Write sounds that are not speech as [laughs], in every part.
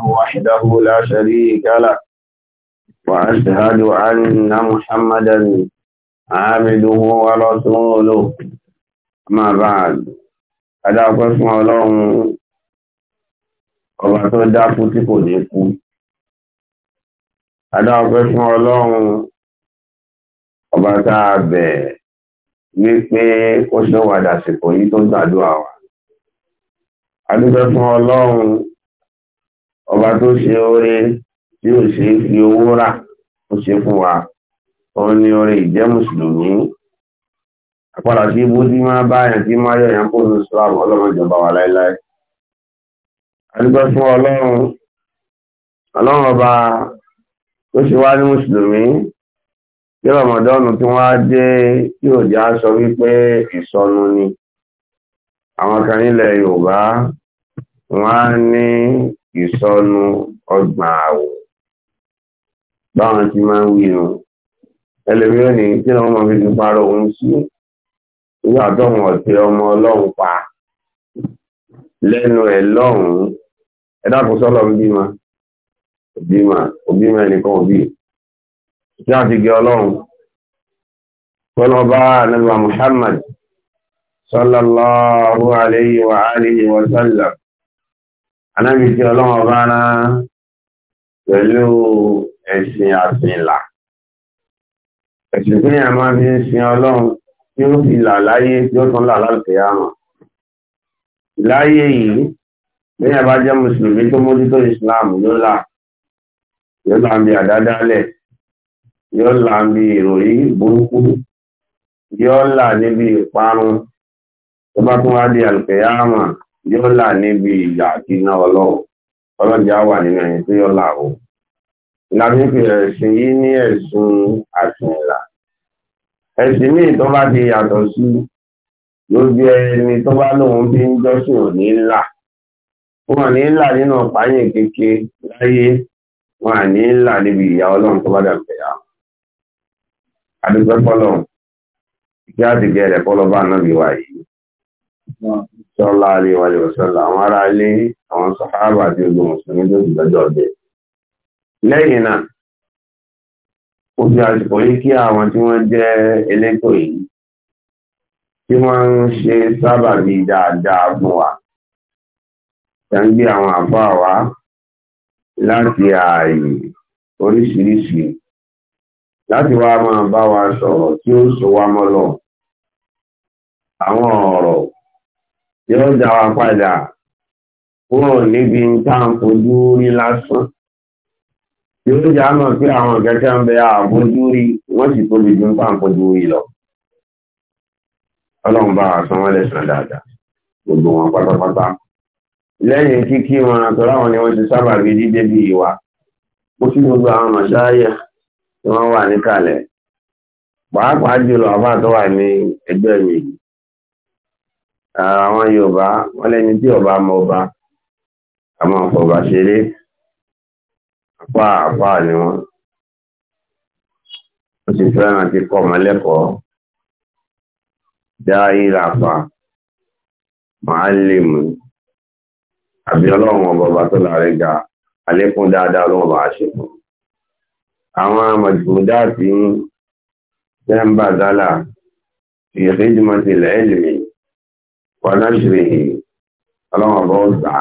الله وحده لا شريك له وأشهد أن محمدا عبده ورسوله ما بعد أدعى قسم الله ọba tó dákú tí kò ní kú adá ọpẹ́ fún Ọlọ́run ọba tá wípé kó ṣọwàdà sìkò yìí tó gbàdúrà wa adúpẹ́ fún Ọlọ́run ọba tó ṣe oore tí ò ṣe fi owó rà ó ṣe fún wa òun ni oore ìjẹ́ mùsùlùmí àpàdà sí ibú tí máa bá yẹn tí máa yọ̀yàn kó ní islam ọlọ́run ìjọba wa láéláé adúgbò fún ọlọ́run ọlọ́run ọba tó ṣe wá ní mùsùlùmí tí rọmọdọ́nù tí wọ́n á dé tí ò já sọ wípé ìsọnù ni àwọn kan nílẹ̀ yorùbá wọ́n á ní ìsọnù ọgbọ̀n àwọ̀ báwọn ti máa ń wí nu ẹlẹ́mìíràn ní kí ni wọ́n máa fi ti parọ́ òun sí nígbà tóun ọ̀tẹ ọmọ ọlọ́run pa lẹ́nu ẹ̀ lọ́hùn-ún ẹ dákun sọ́lọ́ ń bímọ òbímọ òbímọ ẹnìkan òbí tí a ti gẹ ọlọ́run tọ́lọ́bá nàbà Muhammad sallallahu alayhi wa alihi wa sallam anábì tí ọlọ́wọ́ bá rán pẹ̀lú ẹ̀sìn àsìnlà ẹ̀sìn tí a máa fi ń sin ọlọ́run tí ó fi là láyé tí ó tún là láti àmà láyé yìí lẹ́yìn bá jẹ́ mùsùlùmí tó mójútó islam ló là yóò là ń bi àdádálẹ̀ yóò là ń bi ìròyìn burúkú yóò là níbi ìparun tó yóò là níbi ìyà àti iná ọlọ́run ọlọ́jà wà nínú ẹni tó yóò là o ìlànà fi ẹ̀sìn yìí ní ẹ̀sùn àṣìlá ẹ̀sìn míì tó bá ti yàtọ̀ sí lójú ẹni tó bá lóun bí ń jọ́sìn òní ńlá wọn ní ńlá nínú pààyàn kéke láyé wọn ní ńlá níbi ìyà ọlọ́run tó bá dàgbẹ̀ yà adúgbẹ́ pọ́lọ̀ kí á ti gẹ̀rẹ̀ pọ́lọ́ bá náà bí wáyé sọ́lá àríwá lè sọ́lá àwọn ará ilé àwọn sàhábà àti ogun mùsùlùmí tó ti lọ́jọ́ ọdẹ. lẹ́yìn náà ó fi àsìkò yìí kí àwọn tí wọ́n jẹ́ elétò yìí tí wọ́n ń ṣe sábàbí dáadáa fún wa ṣe gbé àwọn àfáà wá láti ààyè oríṣiríṣi láti wá máa bá wa sọ̀rọ̀ tí ó sọ wá mọ́ lọ àwọn ọ̀rọ̀ yóò dá wa padà kúrò níbi táǹfojú rí lásán yóò já mọ̀ pé àwọn kẹ́kẹ́ ń bẹ àbójú rí wọ́n sì tóbi ju táǹfojú rí lọ ọlọ́run bá àṣán wọn lẹ́sàn dáadáa gbogbo wọn pátápátá lẹ́yìn kíkí wọn àtọ́láwọn ni wọ́n ti sábà rí dídé bí ìwà ó sì gbogbo àwọn mọ̀ṣáyà tí wọ́n wà níkàlẹ̀ pàápàá jùlọ àbá tó ní ẹgbẹ́ mi yìí àwọn Yorùbá wọ́n lẹ́ni tí ọba mọ ọba àmọ́ ọ̀pọ̀ba ṣeré apá apá ni wọ́n ó sì fẹ́ràn ti kọ́ ọmọlẹ́kọ̀ọ́ dá ìràpá màá lè mú àbí ọlọ́run ọba tó láre ga àlékún dáadáa ọlọ́run ọba àṣepọ̀ àwọn mọ̀jùmọ̀dá àti ń tẹ́ḿbà dálà fi khidmatil ilmi pọ̀lọ́ṣìrì ọlọ́run ọ̀bọ̀ ọ̀sà.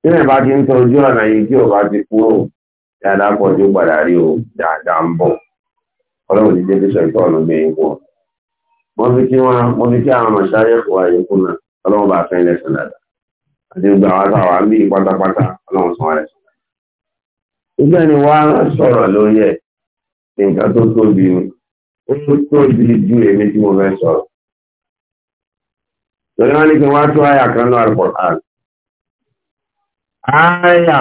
Tí ẹ̀ bá ti ń tọ ojú ọ̀nà yìí tí ò bá ti kúrò, dáadáa pọ̀ tí ó padà rí o, dáadáa ń bọ̀. Ọlọ́run ti jẹ́ kí sọ ìtọ́ ọ̀nà gbé ipò. Mo fi kí wọn, mo fi kí àwọn ọmọṣáyé kò wáyé kú náà, ọlọ́run bá fẹ́ lẹ́sìn dáadáa. Àti gbogbo àwọn àtàwà ń bí pátápátá, ọlọ́run sọ wọn lẹ́sìn dáadáa. Ìgbẹ́ ni wá sọ̀rọ̀ lórí ẹ̀, nǹkan tó tóbi ni, ó tóbi ju èmi tí mo fẹ́ sọ̀rọ̀. Torí wọ́n ní kí wọ́n tó àyà kan náà Al-Qur'an. Àyà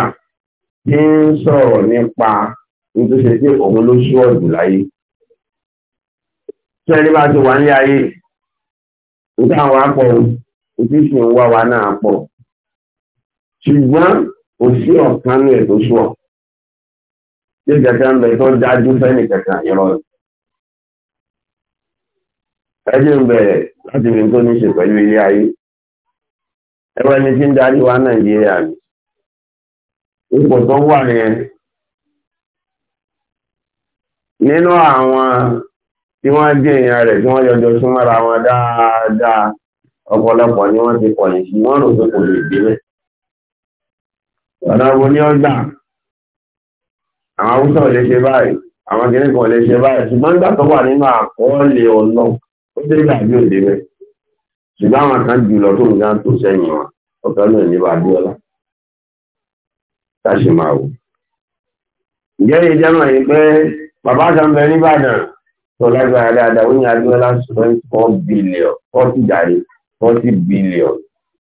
tí ń sọ̀rọ̀ nípa nítúnṣe tí òun ló ṣú ọ̀dù láyé. Tí ẹni bá ti wà ní ayé, nǹkan àwọn apọ̀ òtí sì ń wá wa náà pọ̀. Ṣùgbọ́n kò sí ọ̀kan ní ètò ṣú ọ̀. Ṣé kẹ̀kẹ́ ń bẹ tó dájú fẹ́ni kẹ̀kẹ́ ìrọ̀rùn? Ẹ jẹ́ ń bẹ̀rẹ̀ láti fi tó ní ṣe pẹ̀lú ilé ayé ẹwọ́ ẹni tí ń darí wa nàìjíríà ni ipò tó wà yẹn nínú àwọn tí wọ́n jẹ́ èèyàn rẹ̀ tí wọ́n yọjọ súnmọ́ra wọn dáadáa ọ̀pọ̀lọpọ̀ ni wọ́n ti pọ̀ ní sí wọ́n rò pé kò lè débẹ̀ ọ̀nà wo ni ó gbà àwọn haúsá ò lè ṣe báyìí àwọn kìnnìkan ò lè ṣe báyìí ṣùgbọ́n nígbà tó wà nínú àkọọ́lẹ̀ ọlọ́run ó dé ìgbà yóò dé bẹ́ẹ̀ ṣùgbọ́n àwọn kan jù lọ tó ń gán tó sẹ́yìn wọn ọ̀kan náà ní bá dúọ́lá táṣì máa wò ǹjẹ́ lè jẹ́ mọ̀ yìí pé bàbá kan bẹ nìbàdàn tó lágbára dáadáa ó ní adúọ́lá spend four billion forty jàre forty billion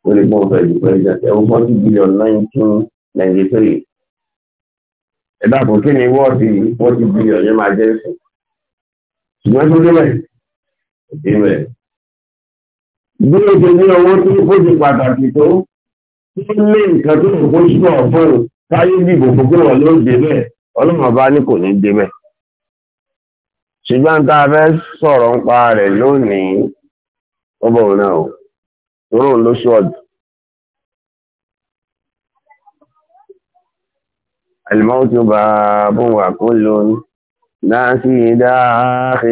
ó lè gbọ́n fẹ́ ju president ẹ̀wọ̀n forty billion nineteen ninety three ẹ̀dá kò kí ni wọ́ọ̀tì forty billion yẹn máa jẹ́ sùn ṣùgbọ́n tó dé bẹ́ẹ̀ ìbílẹ̀. Bí o ṣe ní owó tí ó ṣe pàtàkì tó, tí ó lé nǹkan tó ń kó ṣúná fún táyé dìbò fún kí wọ́n ló dé bẹ́ẹ̀, ọlọ́run bá ní kò ní dé bẹ́ẹ̀. Ṣùgbọ́n tá a fẹ́ sọ̀rọ̀ ń pa rẹ̀ lónìí, ó bọ̀ náà o, tóró ló ṣọ́ọ̀dù. Àlùmọ́ọ́tù bá bùn wà kó lóyún, náà sì dáa fi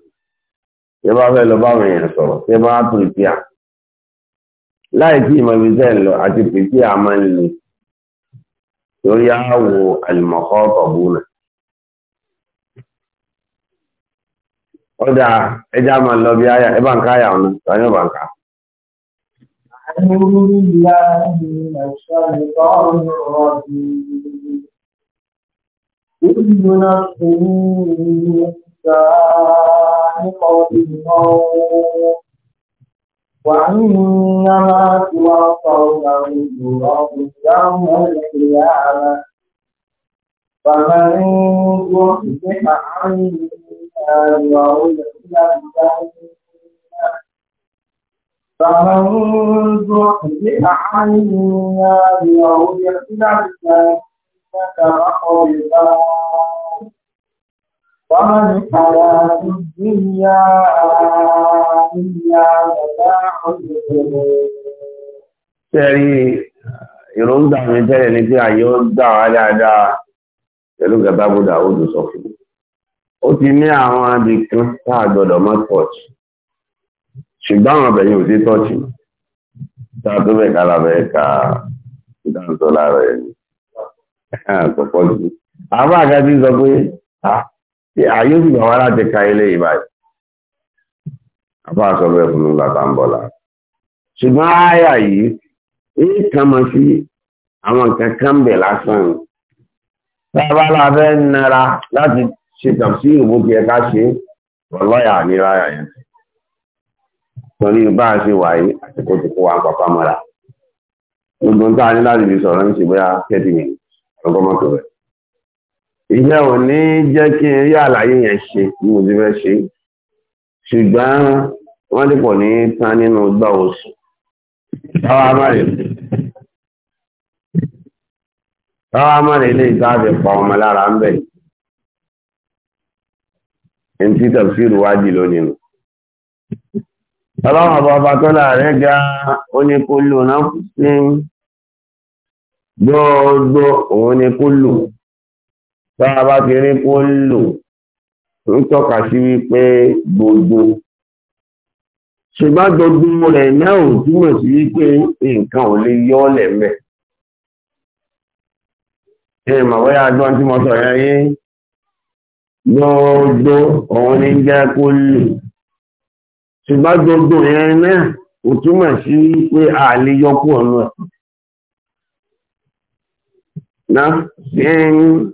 ṣe bá fẹ́ lọ báwọn èèyàn sọ̀rọ̀ ṣe bá pìrìpìà láì tí ìmọ̀ ibi tẹ́ ń lọ àti pìrìpìà máa ń le torí àwọ̀ àlùmọ̀kọ́ ọ̀tọ̀bù náà. ọjà ẹja máa lọ bí àyà ẹbá ń ká àyà ọ̀nà tàbí ọ̀bá ń ká. كل نفس عن قول الموت وإنما توفون أجورهم يوم القيامة فمن زحزح عن النار وأدخل الجنة فمن زحزح عن النار وأدخل الجنة فقد فاز وما الحياة الدنيا إلا متاع الغرور Ṣẹ̀rí ìrọ̀ǹdà mi tẹ́lẹ̀ ní pé àyè ó dà wá dáadáa pẹ̀lú gàbá Bùdà Òdù sọ fún mi. Ó ti ní àwọn abìkan tá a gbọ́dọ̀ mọ́ tọ́ọ̀tì. Ṣùgbọ́n àwọn ọ̀bẹ̀yìn ò sí tọ́ọ̀tì. Tá a tó bẹ̀ ká lábẹ́ ka ìdáǹtọ́ lára ẹ̀ ní. [laughs] Àkọ́kọ́ sí. Àbá àgá ti sọ pé, ah, tí ayé sì gbà wá láti ka ilé ìbáyìí àbáṣọ bẹ́ẹ̀ fún un láta ń bọ̀lá ṣùgbọ́n àyà yìí ní kàmọ sí àwọn nǹkan kan bẹ̀ lásán sábà láfẹ́ nara láti ṣètàn sí ìwò tí ẹ ká ṣe wọlọ́yà nira yẹn torí bá a ṣe wà yìí àsìkò ti kó wa pàpà mọ́ra gbogbo ń tá a ní láti fi sọ̀rọ̀ ní ṣùgbọ́n kẹ́tìmì ọgọ́mọ́tò rẹ̀ ìyá ò ní jẹ́ kí n rí àlàyé yẹn ṣe bí mo ti fẹ́ ṣe ṣùgbọ́n wọ́n ti pọ̀ ní tán nínú gbà oṣù táwa mọ̀rẹ̀ táwa mọ̀rẹ̀ ilé ìtàbí pa ọmọ lára ń bẹ̀ ẹni tí tẹ̀síìrù wájì lónìí nù ọlọ́run ọba tó láàrẹ́ ga oníkólù náà fún gbogbo òun ni kó lù tá a bá ti rí kó lò ń tọ́ka sí wípé gbogbo ṣùgbọ́n gbogbo rẹ̀ náà ò túmọ̀ sí wípé nǹkan ò lè yọ ọ́ lẹ̀mẹ́ ẹ mà bóyá agbọ́n tí mo sọ yẹn yé gbogbo òun ní jẹ́ kó lò ṣùgbọ́n gbogbo yẹn náà ò túmọ̀ sí wípé a lè yọ kúrò náà. Nah, then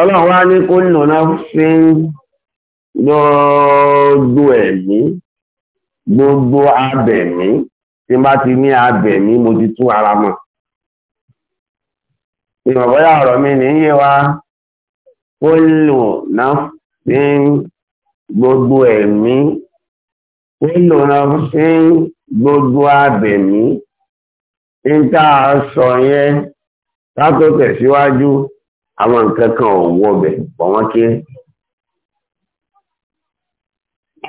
ọlọ́run wá ní kó nàná fi ń gbogbo ẹ̀mí gbogbo abẹ̀mí tí bá ti ní abẹ̀mí mo ti tú ara mọ̀ ìmọ̀bọ́yà ọ̀rọ̀ mi ní yé wa kó nàná fi ń gbogbo ẹ̀mí kó nàná fi gbogbo abẹ̀mí ń tá sọ yẹn ká tó tẹ̀síwájú àwọn nǹkan kan ò wọbẹ̀ pọ̀ wọ́n kéré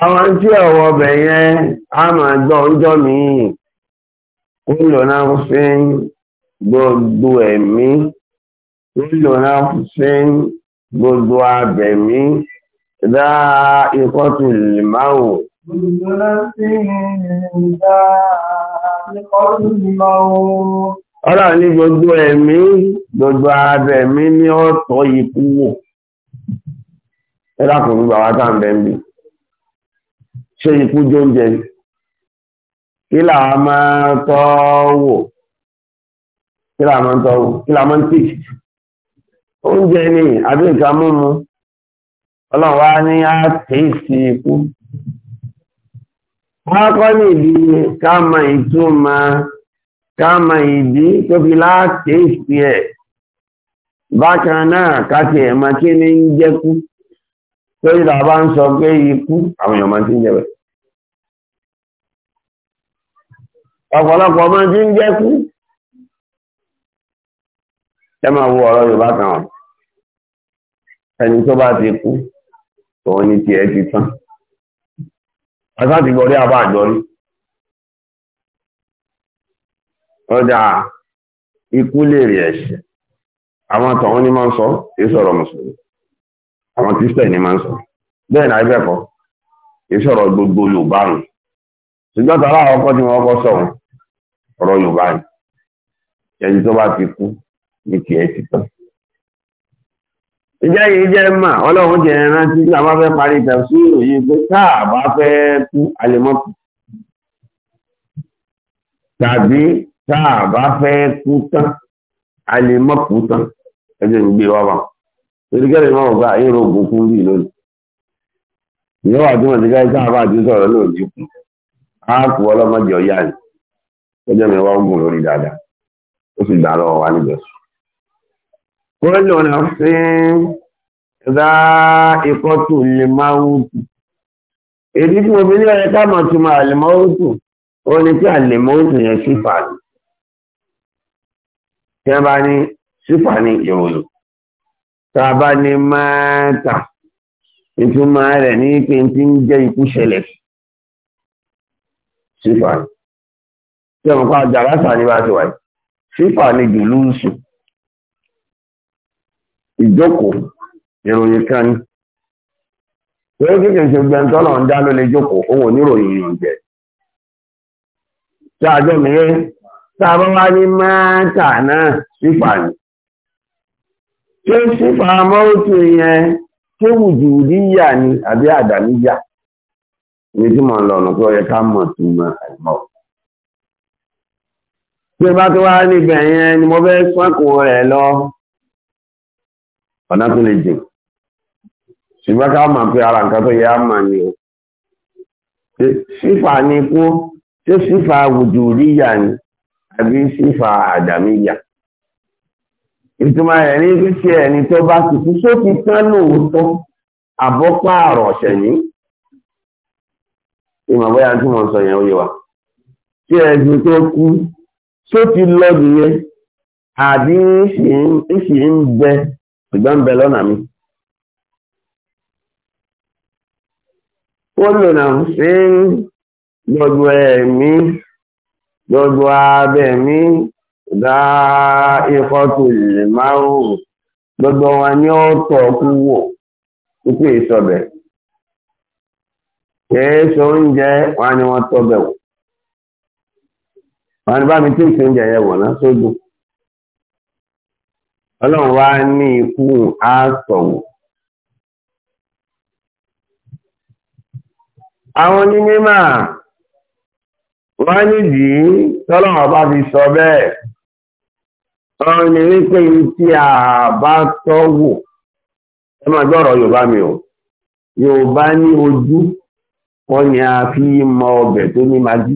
àwọn tí ọ̀wọ́ ọbẹ̀ yẹn a máa gbọ́ ọjọ́ míì nílò náà fi ń gbogbo ẹ̀mí nílò náà fi ń gbogbo abẹ̀mí dá ikọ́ tó lè máa wò. Gbogbo náà fi ń dá ikọ́ tó lè máa wò ọlọ́run ní gbogbo ẹ̀mí gbogbo abẹ̀mí ní ọ̀tọ̀ ikú wò ẹ̀dá kò ní bàbá tá à ń bẹ̀ ń bì ṣé ikú jó ń jẹ kí là máa tọ́ wò kí là máa tọ́ wò kí là máa tì oúnjẹ ni àbí nǹkan múmu ọlọ́run wá ní á ikú. wọ́n kọ́ nìdí ká mọ ìtumọ̀ kama mọ ìdí tó fi láti ìsì ẹ̀ bákan náà káti ẹ̀mọ kí ní ń jẹ́kú tó ìlà bá ń sọ pé ikú àwọn èèyàn máa ti ń jẹ́ bẹ̀. ọ̀pọ̀lọpọ̀ máa ni tiẹ̀ ti tán. ti gbọ́dọ̀ àbá àjọ rí. ọjà ikú lè rí ẹ̀ṣẹ̀ àwọn àtàwọn ní máa ń sọ ìṣọ̀rọ̀ mùsùlùmí àwọn kristian ní máa bẹ́ẹ̀ gbogbo yorùbá nù ṣùgbọ́n tọ́lá ọkọ tí wọ́n kọ́ sọ̀rọ̀ ọ̀rọ̀ yorùbá ni ẹni tó bá ti kú ní tiẹ̀ ti tán. ìjẹ́ yìí jẹ́ mà ọlọ́run jẹ́ rántí tí a bá fẹ́ parí tẹ̀sí òye tá a bá fẹ́ kú tán a lè mọ́ kú tán ẹjọ́ ń gbé wá wà torí kẹ́lẹ́ mọ́ ọ̀gá ayé rògùn kú bí lónìí ìyẹn wà tí wọ́n ti káyé tá a bá ti sọ̀rọ̀ náà ní kú á kú ọlọ́mọdé ọ̀yá ni ẹjọ́ mi wá gùn lórí dáadáa ó sì gbà lọ́wọ́ wa níbẹ̀ sùn. kólò náà fi ra ikọ́ tó lè máa ń tù èdè tí mo fi ní ẹ̀ka mọ̀ tó máa lè máa ń tù ó ní kí àlè máa ń tù yẹn sí fàánù tí wọ́n bá ní sífà ní ìròyìn tá a bá ní máàtà ìtumọ̀ rẹ̀ ní pé tí ń jẹ́ ikú ṣẹlẹ̀ sífà ní tí wọ́n pa jàrásà ní bá ti wáyé sífà ní jùlúùsù ìjókòó ìròyìn kan ní pẹ̀lú kí kìí ṣe gbẹ̀ntọ́lọ̀ ń dá ló lè òun ò ní ìròyìn ìròyìn jẹ́ tí àjọ mìíràn tàbá wá ní máàtà náà sífà ní tí ó sífà mọ́ọ̀tù yẹn tí wùjù díyà ni àbí àdàníyà ní tí mọ̀ lọ́nà tó yẹ ká mọ̀ tó mọ̀ àìmọ̀ tí bá tó wá níbẹ̀ yẹn ni mo fẹ́ sọ́kùn rẹ̀ lọ ọ̀nà tó lè jìn ṣùgbọ́n ká mọ̀ pé ara nǹkan tó yẹ á mọ̀ ni o sífà ni kú tí sífà wùjù díyà ni. àbí sífà àdàmíyà ìtumọ̀ rẹ̀ ní kí ṣe ẹni tó bá ti kú tán lóòótọ́ àbọ́pààrọ̀ ọ̀ṣẹ̀ ní ìmọ̀ ya tí mo sọ yẹn oye wa tí ẹni tó kú sókè lọ́dún yẹn àbí ìṣì ń gbogbo abẹ̀mí mi ikọ́tù lè márùn-ún gbogbo wọn ni ó tọ̀ kú wò pípé ìsọ̀bẹ̀ kìí oúnjẹ wọn ni wọ́n tọ́bẹ̀ ni bá mi tí ìṣe oúnjẹ yẹn náà sódù ọlọ́run wá ní ikú àsọ̀wò àwọn wọ́n nídìí tọ́lọ́wọ́ bá fi sọ bẹ́ẹ̀ ọ̀rọ̀ ni wípé tí a bá tọ́wò ẹ máa gbọ́rọ̀ Yorùbá mi o Yorùbá ní ojú wọ́n ni a fi mọ ọbẹ̀ tó ní magí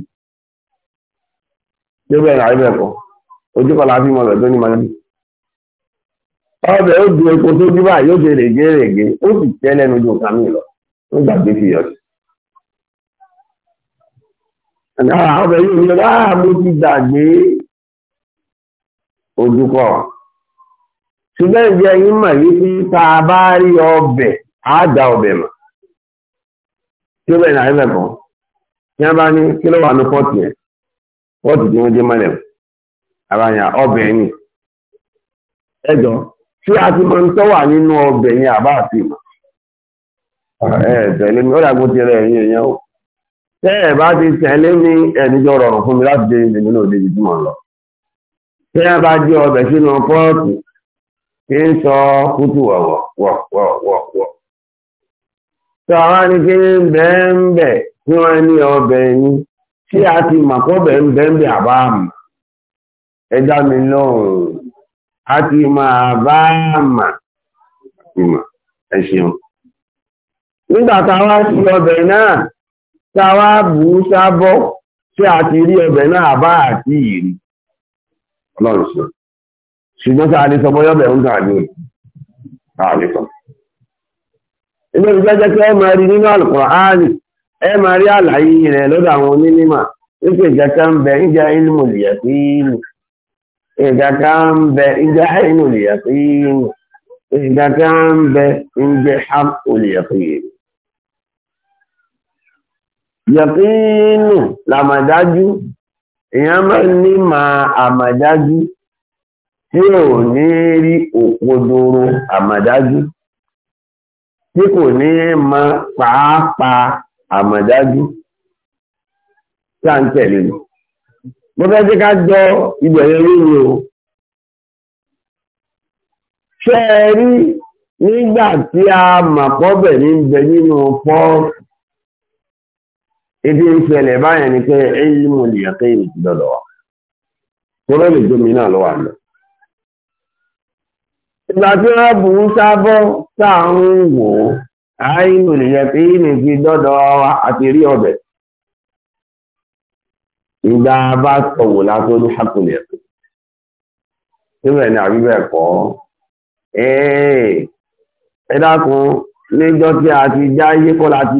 tí ó bẹ̀rẹ̀ àríbẹ̀ ojú kọ́ la fi mọ ọbẹ̀ tó ní magí ọbẹ̀ ó du epo tó jú báyìí ó ṣe règérègé ó sì tẹ́ lẹ́nu ju kàmí lọ ó gbàgbé fi yọ̀ sí. ọbẹ̀ yìí ni wàá mo ti gbàgbé ojúkọ̀ ṣùgbọ́n ìjẹ́ yín mọ̀ yí pé tá bá rí ọbẹ̀ á ọbẹ̀ mọ̀ tí ó náà ẹ̀fẹ̀ kan tí wọ́n bá ní kí ló wà ní yẹn tí wọ́n mọ́lẹ̀ àbáyà ọbẹ̀ tí a ti wà nínú ọbẹ̀ yẹn àbá àti ìmọ̀ tẹ́ ẹ̀ bá ti tẹ̀lé ní ẹ̀nìjọ rọrùn fún mi láti dé ibi nínú òde ibi tí mò ń lọ tẹ́ ẹ bá jẹ́ ọbẹ̀ sínú pọ́ọ̀tù kí ń sọ kútù wọ̀wọ̀wọ̀wọ̀wọ̀ tí àwọn ní kí ń bẹ́ẹ̀ ń wọ́n ní ọbẹ̀ ní tí a ti màkọ́bẹ̀ ń bẹ́ẹ̀ ń bẹ̀ àbá mi ẹja mi lọ́rùn a ti máa bá mà ẹ ṣeun nígbà táwa ti ọbẹ̀ náà táwa bù ú sábọ́ tí a ti rí ọbẹ̀ náà bá àti ìrí ọlọ́run ṣe ṣùgbọ́n sáà ní sọmọ yọ́bẹ̀ ń gàdí òtù àlìkọ́ ilé nínú Al-Kùránì ẹ máa rí àlàyé rẹ̀ lọ́dọ̀ àwọn onímọ̀ nípa ìjàkà ń bẹ ìjà bẹ ìjà bẹ ìjà yẹ̀kínù làmàdájú èèyàn máa ní máa àmàdájú tí ò ní rí òkodoro àmàdájú tí kò ní mọ pàápàá àmàdájú tí a ń tẹ̀lé lọ. mo fẹ́ tí ká jọ ìbẹ̀rẹ̀ lórí o ṣe rí nígbà tí a mà pọ́bẹ̀ ní bẹ nínú pọ́ọ̀sì ibi ń ṣẹlẹ̀ báyẹn ni pé ilmu lìyàkẹ́ ìrìtì lọ́dọ̀ wa tọ́lọ́ lè gbómi náà lọ́wọ́ àná. ìgbà tí wọ́n bù ú sábọ́ sáàrùn wò ó àìlù lìyàkẹ́ ìrìtì wa àti rí ọbẹ̀. ìgbà bá látó ní síbẹ̀ ni kọ́ ẹ dákun níjọ́ tí a ti jáyé kọ́ láti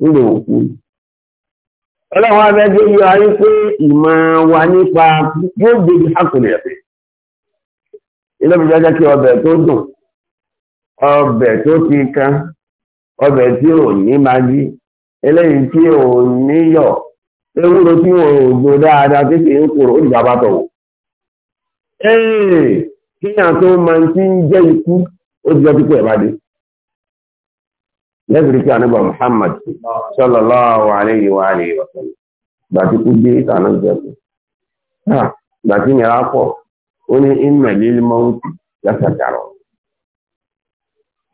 nínú òkú. ọlọ́run abẹ́gbẹ́ yọ ayé pé ìmọ̀ wa nípa yóò gbèdé àkùnrin ẹ̀fẹ́. ilé jẹ́ kí ọbẹ̀ tó dùn ọbẹ̀ tó ti kan ọbẹ̀ tí ò ní magí eléyìí tí ò ní yọ̀ ewúro tí ò gbó dáadáa tí kì kúrò ó dìgbà kíyàn tó máa ti ń jẹ́ ikú ó ti lẹ́bìrì kí ànábà Muhammad sallallahu alayhi wa alihi wa sallam gbàtí kú dé ìtànà jẹ́kù gbàtí nira pọ̀ ó ní inna lil mawti lásàkàrọ̀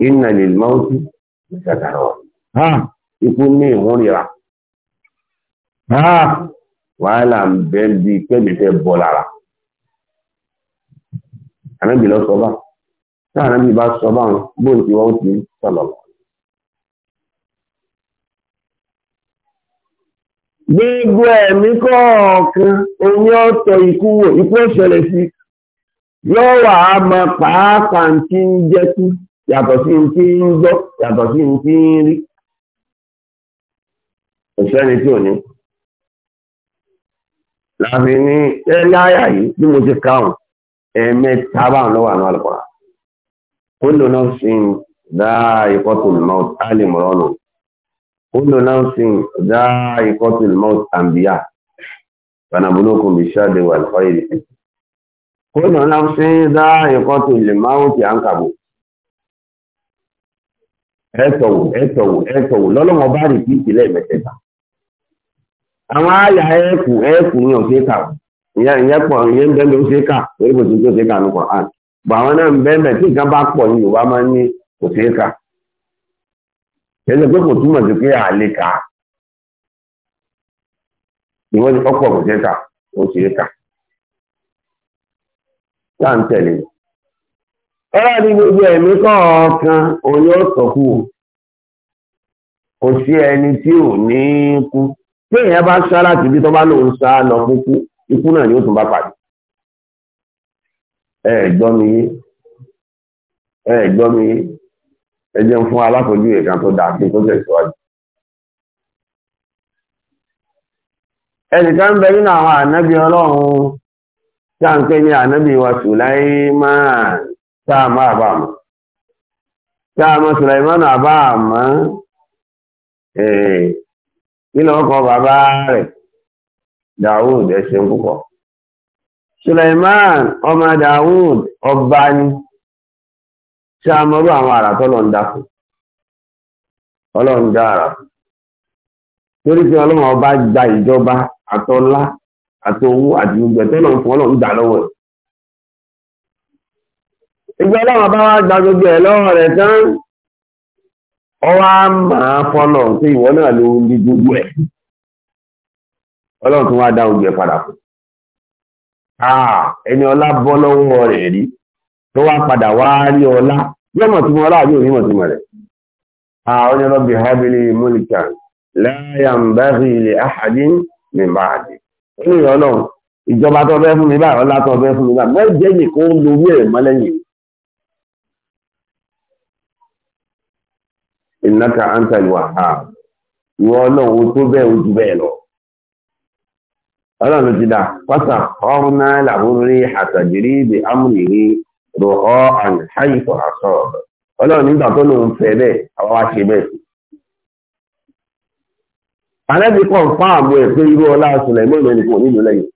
inna lil mawti lásàkàrọ̀ ikú ní ìmúrira wàhálà ń bẹ́ bí kẹ́bí fẹ́ bọ́ lára ànábì tí ànábì bá sọ wọ́n ti sọ̀lọ̀ gbogbo ẹ̀mí kọ̀ọ̀kan oní ọ̀tọ̀ ikú wò ikú òṣèlẹ̀ sí lọ́wọ́ a mọ pàápàá tí ń jẹ́ kú yàtọ̀ sí tí ń gbọ́ yàtọ̀ sí tí ń rí òṣèlẹ̀ tí ò ní. láti ní ẹ̀rí àyà yìí bí mo ti káwọn ẹ̀ẹ̀mẹ́ta bá ń lọ́wọ́ àná àlùkò kó lóná sí ń dá ikọ́ tó lọ́ọ́ tá lè mọ̀rọ́ nù. كل نفس ذائقة الموت أنبياء فنبلوكم بالشر والخير كل نفس ذائقة الموت عنكبوت ẹtọwò ẹtọwò ẹtọwò lọlọmọ bá rí pí ìpìlẹ̀ mẹ́tẹ̀ẹ̀ta àwọn àyà ẹkù ẹkù ní ọsẹ kà ìyá ìyá pọ ìyẹn ń bẹ̀rẹ̀ ọsẹ kà orí kò sí ọsẹ kà nù kọ àn bọ àwọn náà ń bẹ̀rẹ̀ tí nǹkan bá pọ̀ ní Yorùbá máa ń ní ọsẹ kà ẹ̀sẹ̀ pé kò túmọ̀ sí pé àlè kà á ìwọ́n ni ọkọ̀ kò ṣe kà ó ṣe kà táà ń tẹ̀lé ọlá ní gbogbo ẹ̀mí kọ̀ọ̀kan òun yóò sọ̀kù kò sí ẹni tí ò ní kú tí èèyàn bá sá láti ibi tó bá lòun sá lọ kúkú ikú náà ni ó tún bá pàdé ẹ gbọ́ mi ẹ gbọ́ mi yé ẹ jẹun fún alákòójú ẹ̀kan tó dáa kí n tó tẹ̀síwájú. ẹnìkan ń bẹ nínú àwọn ànábì ọlọ́run tí a ń pè ní ànábì wa Sùláímán tá a máa bá mọ́ tá a mọ́ Sùláímán àbá àmọ́ nílò ọkọ̀ bàbá rẹ̀ Dàwúd ẹ̀sìn púpọ̀ Sùláímán ọmọ Dàwúd ọba ni. ṣe a mọ́rú àwọn àrà tọ́lọ̀ ń dákú ọlọ́run dá ọba gba ìjọba atọla àti àti gbogbo ẹ̀ tọ́lọ̀ fún ọlọ́run dà lọ́wọ́ ẹ̀ ìgbà ọlọ́run ọba wa gba gbogbo ẹ̀ lọ́wọ́ rẹ̀ tán ọwọ́ máa ìwọ náà ló ń di gbogbo ẹ̀ ọlọ́run tún wá dá gbogbo ẹ̀ tó wá ń padà wá rí ọlá yóò mọ̀ tí mo ọlá àbí onímọ̀ rẹ̀. àwọn ọ̀nà bí hábìlì múlìkà lẹ́yà ilẹ̀ àhàdí ní ní ọlọ́run ìjọba tó bẹ́ fún mi báyìí ọlá tó bẹ́ fún mi báyìí mẹ́jẹ nìkan mọ́lẹ́yìn. ìnáka àǹtà ìwà ha ìwọ ọlọ́run tó bẹ́ẹ̀ ojú bẹ́ẹ̀ lọ. ọlọ́run ti dà náà làwọn rọ̀ọ́ àǹháyì tó àṣọ ọ̀rọ̀ ọlọ́run nígbà tó lòun fẹ́ bẹ́ẹ̀ àwọn wá ṣe bẹ́ẹ̀. àlẹ́bí kan fá àbò ẹ̀ pé irú ọlá àṣùlẹ̀ mọ́ ìlú kò nílùú lẹ́yìn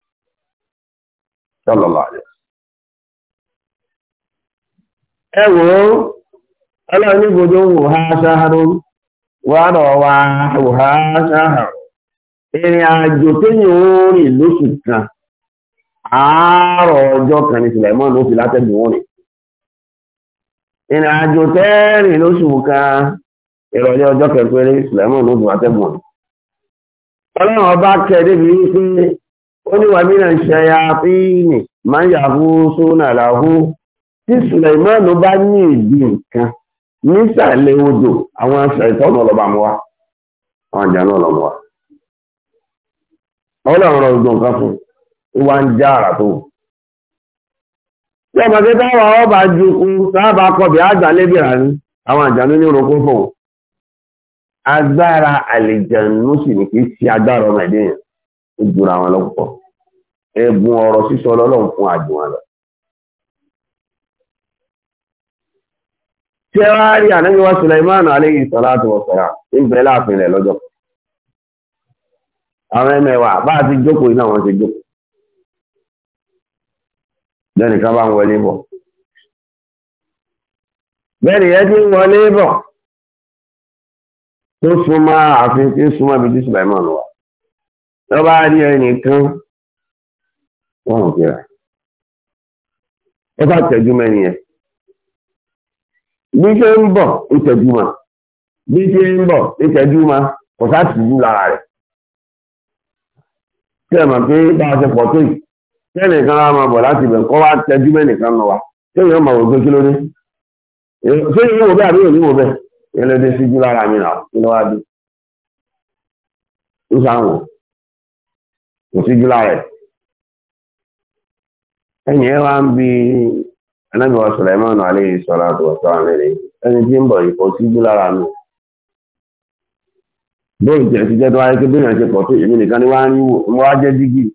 sọlọ́lá rẹ̀. ẹ wò ó ọlọ́run ní gbogbo ń wò ha wà ha ìrìn àjò ó rìn àárọ̀ ọjọ́ kan ní Suleiman ló fi látẹ́gùn wọn rẹ̀. ìrìn àjò tẹ́rìn lóṣù kan ìrọ̀lẹ́ ọjọ́ kẹpẹrẹ Suleiman ló fi látẹ́gùn ọba kẹ débi wípé ó ní wàmí náà ṣe ya fíìnì máa ń yàgò sónà làhú tí bá ní ìdí nǹkan nísàlẹ̀ odò àwọn ọlọ́ba mọ́ wa ó wá ń já àrà tó. Tí ọmọ tí táwà ọba ju ohun sábà kọbẹ̀ àgbàlébìrà ní àwọn àjànú ní orogún fún. Agbára àlejànú sì ní kìí ṣe agbára ọmọ ẹ̀dẹ́ yẹn, ó jura wọn lọ́pọ̀. Ẹ̀bùn ọ̀rọ̀ sísọ ọlọ́run fún àjò wọn lọ. Ṣé wá rí ànábì wa Sùlẹ̀mánù alayhi salatu wa salam ń bẹ láàfin rẹ̀ lọ́jọ́. Àwọn ẹmẹ̀wà bá ti jókòó iná wọn ti jókòó lẹ́nì kan bá ń wọlé bọ̀. bẹ́ẹ̀ni ẹ ti ń wọlé bọ̀ tó súnmọ́ ààfin tí ń súnmọ́ ibi tí ṣùgbọ́n mọ̀ lọ́wọ́ tó bá rí ẹnìkan wọ́n ò kíra ó bá tẹ̀jú mẹ́ni yẹn bí ṣe ń bọ̀ ń tẹ̀jú mọ́ bí ṣe ń bọ̀ ń tẹ̀jú mọ́ kò sá tìjú lára rẹ̀ tẹ̀ mọ̀ pé bá a ṣe pọ̀ tó yìí tẹ́nì kan á máa bọ̀ láti ibẹ̀ kọ́ wá tẹjú mẹ́nìkan lọ wa tẹ́yìn ọmọ òwe kí ló dé ṣé ìwé wo bẹ́ẹ̀ àbí òní wo bẹ́ẹ̀ yẹn lè dé síjú lára mi rà kí ló wá dé ń sáwọn kò síjú lára ẹ̀ ẹ̀yìn ẹ̀ wá ń bi anábì wa Sulaimanu alayhi salatu wa salam lẹ́lẹ́ ẹni tí ń bọ̀ yìí kò síjú lára mi bóyá ìjẹ́ ti jẹ́ tó wáyé pé àti pọ̀ tó èmi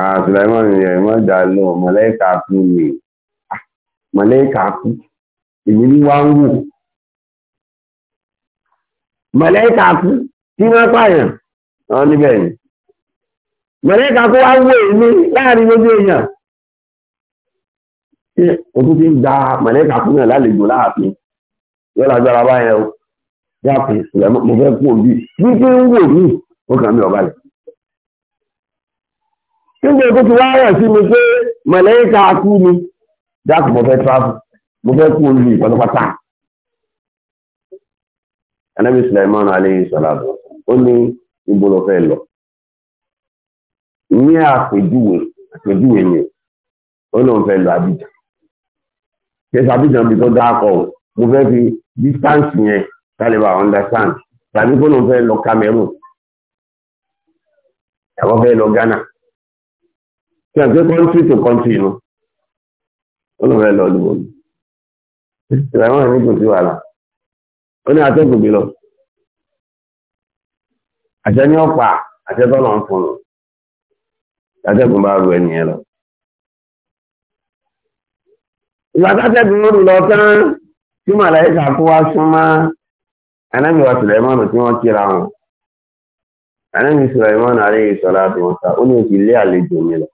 Ah, Sùlẹ́mọ̀n yẹn mọ́ dà lọ mọ̀lẹ́kà kú ni ah, mọ̀lẹ́kà kú èmi ní wá ń wò mọ̀lẹ́kà kú tí wọ́n pààyàn wọ́n níbẹ̀ ni mọ̀lẹ́kà kú wá ń wò èmi láàrin lójú èèyàn ṣé òtún ti ń gba mọ̀lẹ́kà kú náà lálejò láàfin yóò lágbára báyẹn o yàtọ̀ Sùlẹ́mọ̀n mo fẹ́ kú òbí bí kí ń wò mí ó kàn ọ̀balẹ̀ nígbà tó ti wáyà sí mi pé mọ̀lẹ́yìnká kú ni dáàbò mo fẹ́ tíráfù mo fẹ́ kú olú ìpátápátá. Ànábì Sulaiman alayhi salatu ó ní ibo ló fẹ́ lọ. Ní àpèjúwe àpèjúwe ni ó lóun fẹ́ lọ Abidjan. Kẹsì Abidjan bí tó dáàkọ̀ o, mo fẹ́ fi distance yẹn kálíbà understand tàbí kó lóun fẹ́ lọ Cameroon. Àwọn fẹ́ lọ Ghana kí a gbé kọ́ńtì tó kọ́ńtì inú ó lọ fẹ́ lọ lùbọ̀ ní ìlànà àwọn ìrìnkò sí wàhálà ó ní atẹ́gùn bí lọ àṣẹ ní ọ̀pá àṣẹ tọ́lọ̀ ń fún un atẹ́gùn bá ru ẹni yẹn lọ. ìgbà tátẹ́gùn ó lọ tán tí màláìka kó wá súnmọ́ anábìwá Sùlẹ́mánù tí wọ́n kíra wọn anábìwá Sùlẹ́mánù alayhi salatu wa sallam ó ní òkè ilé àlejò mi lọ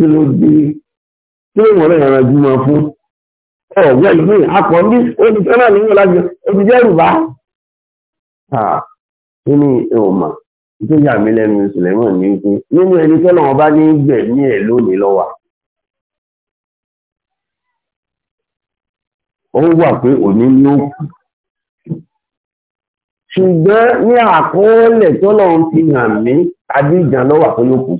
kí ló dé kí ló wọ́n rẹ̀ yàrá jù máa fún ọ̀gbẹ́ ìlú akọ̀ ní olùkọ́ náà níwọ̀n lájú ojú jẹ́ rùbá. kí ni ìhòmà tó yà mí lẹ́nu Sùlẹ́mọ̀n ní pé nínú ẹni tọ́lọ́ wọn bá ní gbẹ̀mí ẹ̀ lónìí lọ́wà. ó wà pé òní ló kù ṣùgbọ́n ní àkọọ́lẹ̀ tọ́lọ́ ti hàn mí adé ìjà lọ́wà tó ló sí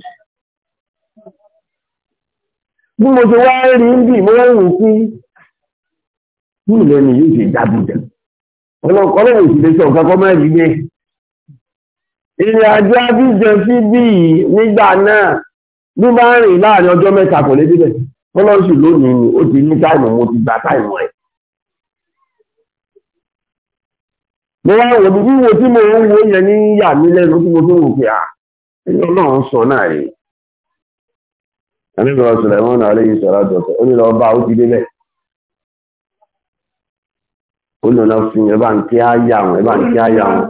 bí mo ṣe wá rí ń bì mo rìn sí bí ìlẹ́nu yóò ṣe dábùdà ọlọ́kọ́lọ́ òṣìṣẹ́ sọ nǹkan kọ́ mẹ́rin gbé ìrìn àjò abíjẹ sí bí nígbà náà bí bá ń rìn láàrin ọjọ́ mẹ́ta kò lé síbẹ̀ fọlọ́sù lónìí ni ó ti ní táìmù mo ti gba táìmù rẹ̀ mo wá wò bí wíwo tí mo ń wo yẹn ní yà mí lẹ́nu tí mo tó wò pé à ah, ẹni ọlọ́run sọ náà rèé àníbọ̀rọ̀ sùlẹ̀mọ́nà aléyìn sọ̀rọ̀dọ̀tọ̀ ó ní lọ bá ó ti débẹ̀ ó lọ lọ fún ẹbá ń kí á yà wọn ẹbá ń kí á yà wọn.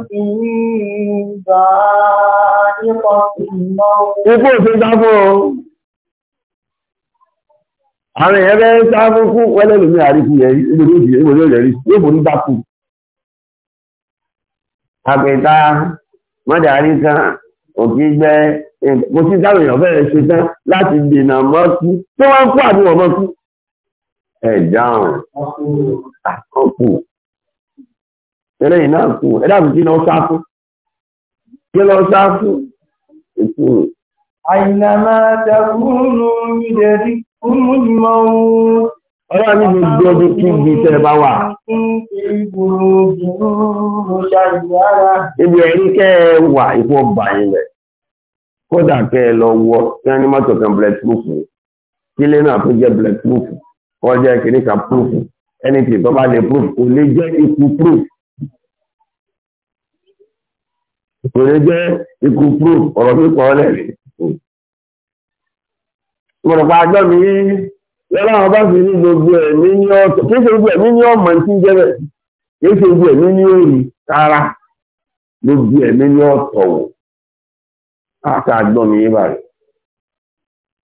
ipò òfin sáfù o àwọn èèyàn bẹ́ sáfù fún wẹ́lẹ́ lómi àríkù yẹn ìgbòdó rẹ̀ rí yóò forí dákù. àpẹta mọ́jà rí kan òkè gbẹ́ mo ti dáhùn èèyàn bẹ̀rẹ̀ ṣe tán láti dènà mọ́kú tí wọ́n ń kó àbí wọ́n mọ́kú. ẹ dáhùn àkọ́kù eléyìí náà kù ẹ dáhùn kí lọ sá fún kí lọ sá fún ètò. àyìnàmá dàgbùnú ìdẹ̀rí kúmú ni mo ń. ọlọ́run ní gbogbo ọdún kí ibi tẹ́ ẹ bá wà. ibi ẹ̀rí kẹ́ ẹ wà ìfọ̀ bàyìn rẹ̀ kódà kẹ́ ẹ lọ wọ kí wọ́n ní mọ́tò kan bulletproof kílé náà tó jẹ́ bulletproof wọ́n jẹ́ kìíní kan proof anything tó bá lè proof kò lè jẹ́ ikú proof kò lè jẹ́ ikú proof ọ̀rọ̀ tó kọ́ lẹ́rìí. mo rò pa àjọ mi lọ́la wọn bá fi ní gbogbo ẹ̀mí ní ọ̀tọ̀ kí ṣe gbogbo ẹ̀mí ní ọmọ tí ń jẹ́ bẹ́ẹ̀ kí ṣe gbogbo ẹ̀mí ní òòrì rárá gbogbo ẹ̀mí ní ọ̀tọ̀ wò. aka agbonye bari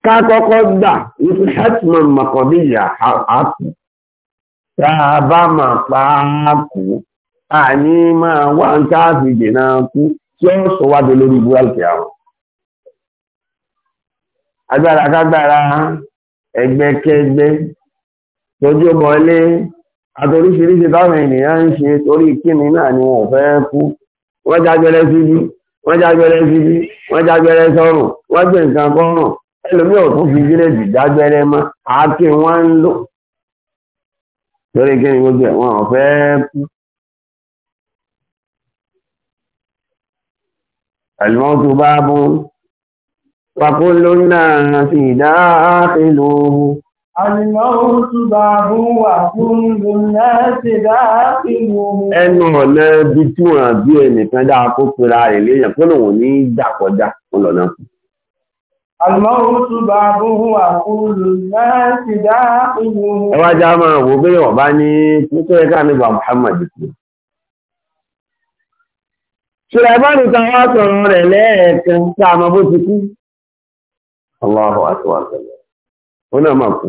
ka akọkọ gba ifu herdsmen makodili al'afu taa ba ma paa ku anyị ni ma nwa ntaafi de na aku ti o so wadolori bu alpia a gbara gbara egbekegbe tojo bo ile ya n se tori ikini naa ni o fekwu wọ́n jágbẹ́rẹ́ síbí wọ́n jágbẹ́rẹ́ sọ́rùn wọ́n gbé nǹkan kọ́rùn ẹlòmí ọ̀tún fi gírèdì dágbẹ́rẹ́ mọ́ àáké wọ́n ń lò lórí kí ni gbogbo ẹ̀wọ̀n ọ̀fẹ́ kú. ẹ̀lùmọ́ tó bá bọ́ wàkó lónà sí ìdáàkìlò Ẹnu ọ̀nà ibi tí wọ́n bí ẹnìkan dáa kó pera rẹ̀ léèyàn kó lòun ní ìgbà kọjá fún lọ́nà. Ẹwà já máa wò bí wọ́n bá ní púpọ̀ ẹ̀ká nígbà Muhammad kú. Ṣùlẹ̀bọ́nì kan wá sọ̀rọ̀ rẹ̀ lẹ́ẹ̀kan sáà mọ́ bó ti kú. Allahu Akbar. Ó náà máa kú.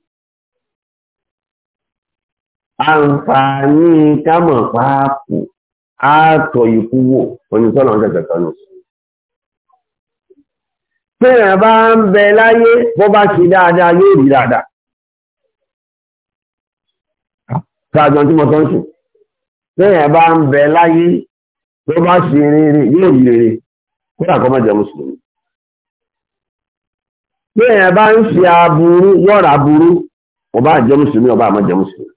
àǹfààní kámọ̀ pàápù ààtọ̀ ìkúwò onítọ́nà tẹ̀tẹ̀ kan nù. Téèyàn bá ń bẹ láyé bó bá ṣe dáadáa yóò rí dáadáa. Sáàjọ́ tí mo tọ́ ń sùn. Téèyàn bá ń bẹ láyé bó bá ṣe rere yóò rí rere kódà kọ́ mọ̀jẹ̀ mùsùlùmí. Téèyàn bá ń ṣe aburú yọ̀ọ̀rọ̀ aburú ọba àjẹ́ mùsùlùmí ọba àmọ́jẹ́ mùsùlùmí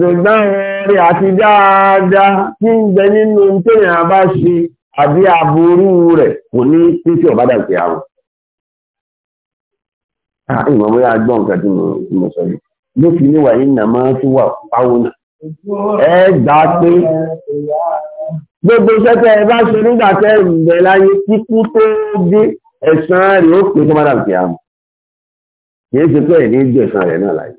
ṣùgbọ́n rí àti dáadáa tí ń bẹ nínú tẹ́yàn bá ṣe àbí aburú rẹ̀ kò ní tí tí ọ̀bá dàgbé àwọn. ìmọ̀ bóyá gbọ́n nǹkan tí mo sọ yìí ló fi níwà yìí nà máa tún wà páwọn náà. ẹ gbà pé gbogbo iṣẹ́ tẹ́ ẹ bá ṣe nígbà tẹ́ ẹ ń bẹ láyé kíkú tó dé ẹ̀san rẹ̀ ó pé tó má dàgbé àwọn. kì í ṣe pé ẹ̀ ní gbẹ̀san rẹ̀ náà láyé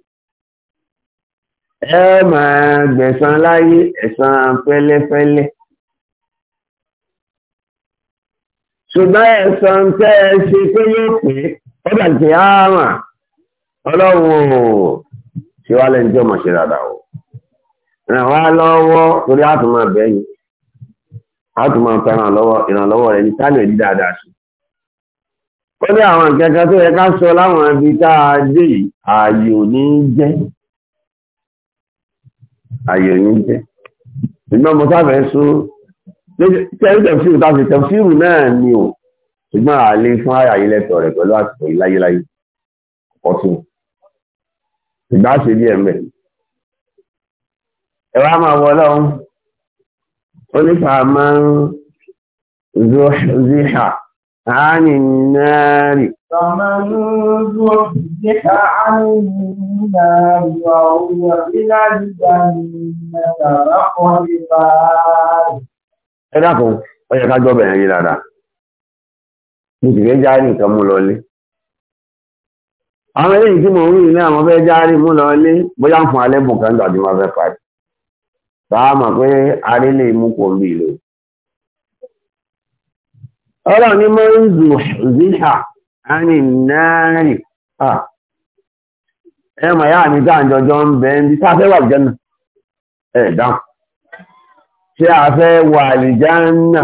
ẹ máa gbẹ̀san láyé ẹ̀san fẹ́lẹ́fẹ́lẹ́ ṣùgbọ́n ẹ̀san tẹ́ ẹ ṣe pé yóò pé ó dàgbé àmà ọlọ́run ò ṣe wá lẹ́ni tí ó mọ̀ ṣe dáadáa o ràn wá lọ́wọ́ torí a tún máa bẹ́yìn a tún máa tẹ ìrànlọ́wọ́ rẹ̀ ní tálẹ̀ ní dáadáa sí ó ní àwọn nǹkan kan tó yẹ ká sọ láwọn ibi tá a dé yìí ààyè ò ní jẹ́ àyè yìí jẹ́ ṣùgbọ́n mo sáfẹ́ sún tẹ́lifíṣù táfi tẹ́lifíṣù náà ni o ṣùgbọ́n àlè fún àyà yìí lẹ́tọ̀ rẹ̀ pẹ̀lú àsìkò yìí láyéláyé ọ̀tún ìgbà ṣe bí ẹ̀mẹ́ ẹ̀rọ a máa wọ lọ́hún ó nípa máa ń zíhà áánì náà rì. Tọ́mọ̀ ń zíhà áánì النار وأغلقنا الجنة رحمة ẹ dákun ó yẹ ká gbọ́ bẹ̀rẹ̀ yìí dáadáa mo sì fẹ́ járí nǹkan mú lọlé àwọn eléyìí tí mo rí ní àwọn fẹ́ járí mú lọlé bóyá ń fún alẹ́ bùn kan tó àdúrà fẹ́ parí báà mọ̀ pé arí lè mú kó bí lò ọlọ́run ní mọ́ ń zù á ní náírì ẹmọ̀ ya mi dáa jọjọ ń bẹ ń bí tá a fẹ́ wà àlìjánà ẹ̀ dáhùn ṣé a fẹ́ wà àlìjánà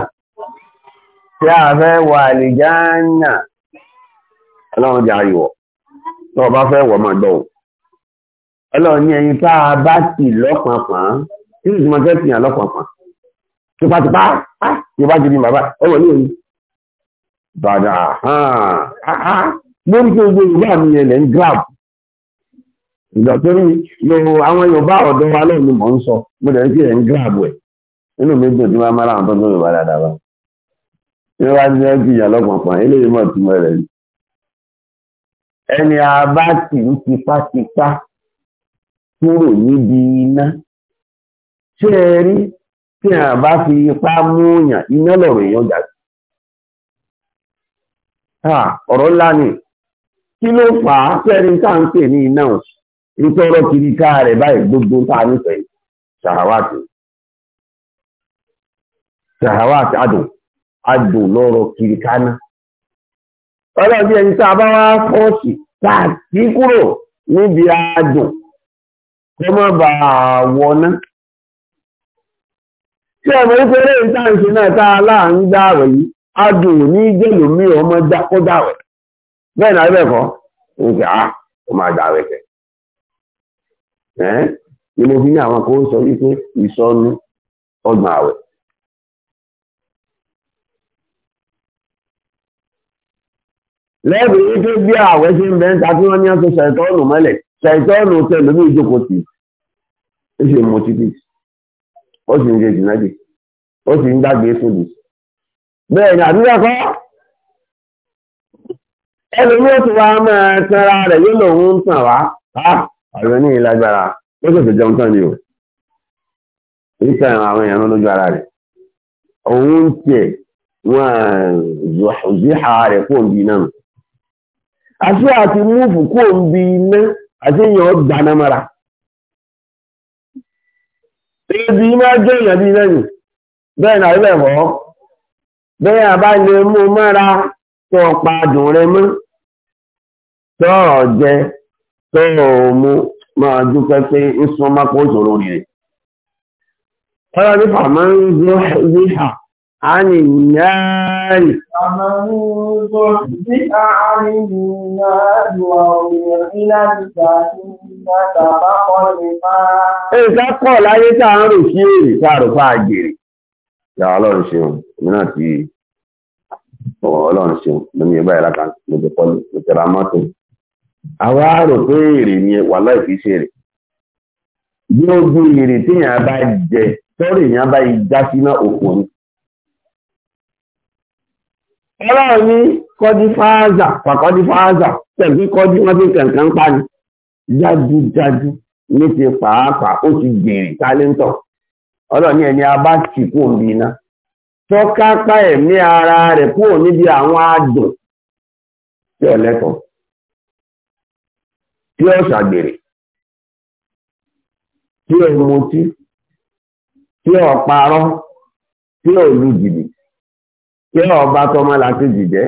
ṣé a fẹ́ wà àlìjánà ọlọ́run jẹ́ ayọ̀ tó o bá fẹ́ wọ̀ máa dọ̀wọ̀ ọlọ́run ní ẹyin tá a bá tì lọ́pàpàá tí ìjùmọ̀ tẹ́ tìyàn lọ́pàpàá tipátipá yorùbá jìnnì bàbá ọwọ́ ní òní bàdà lórí pé gbogbo yorùbá mi yẹn lẹ́ ń gíráàbù ìgbàtórí àwọn yorùbá ọ̀dọ́ wa lẹ́nu mọ̀ ń sọ mo dẹ̀ kí ẹ̀ ń gíláàbù ẹ̀ nínú méjì tí wọ́n máa láwọn tó tó dáadáa wa wọ́n ti ń kìyà lọ́pọ̀pọ̀ eléyìí mọ̀ tí mo rẹ̀ rí ẹni abá tì ń tipátipá kúrò níbi iná ṣé ẹ rí tí a bá fi ipá múyàn iná lọ̀rọ̀ èèyàn jà sí ọ̀rọ̀ ńlá ni kí ló fà á fẹ́rin tá à ń pè ní iná ọ̀sùn ìtọ́rọ kiri ká rẹ̀ báyìí gbogbo tá nífẹ̀ẹ́ adùn adùn lọ́rọ̀ kiri ká ná. ẹni tá a bá wá fọ́ọ̀sì tá a ti kúrò níbi adùn kó má bà ṣé ọmọ tá ń ṣe náà tá a bẹ́ẹ̀ ó máa ẹ́ ni mo fi ní àwọn kan sọ wípé ìsọnù ọgbọ̀n àwẹ̀. lẹ́ẹ̀bù yìí tó bí àwẹ̀ ṣe ń bẹ́ ń ta kí wọ́n ní aṣọ ṣàìtọ́ọ̀nù mọ́lẹ̀ ṣàìtọ́ọ̀nù tẹ̀lé ní ìjókòó tì í ṣe mọ̀ títí ó sì ń ṣe jìnnájì ó sì ń gbàgbé fòdì. bẹ́ẹ̀ ni àdúrà kọ́ ẹlòmíràn tó wá máa tanra rẹ̀ yóò lòun ń tàn wá. Ah! ọ̀rọ̀ ní ìlágbára lókòtò jẹun tán ni o níta àwọn èèyàn lójú ara rẹ̀ òun ń tiẹ̀ wọ́n zùhà rẹ̀ kó ń bi iná nù àti àti múfù kó ń bi iná àti èèyàn gbaná mara ebi iná jẹ́ èèyàn bí iná nì bẹ́ẹ̀ náà bẹ́ẹ̀ fọ́ bẹ́ẹ̀ àbá lè mú mọ́ra tó pa rẹ mọ́ tó ọ̀jẹ́ tẹ́ ò mú máa dúpẹ́ pé ń sún ọmọ kó ìṣòro rẹ̀. Tọ́lá ní fàmọ́ ń gbé ìhà á ní náàrí. Fàmọ́ ń gbọ́ sí àárín náàrí wà òyìn ìlànà ìgbà tí bàbá kọ́ lè máa. Èyíká pọ̀ láyé tá ń rò sí èrè tá rò fà àwa rò pé èrè ni wà láì fi ṣe gbogbo èrè téèyàn bá jẹ sọ́rọ̀ èèyàn bá já síná ni. ọlọ́run ní kọ́dí fáázà pàkọ́dí fáázà pẹ̀lú ni ní ti pàápàá ó ti jèrè tálẹ́ńtọ̀ ọlọ́run ní ẹni abá sì kú òbí iná ara rẹ̀ àwọn adùn tí tí ó ṣàgbèrè tí ó mutí tí ó parọ́ tí ó lu jìbì tí ó bá tọmọ láti jìjẹ́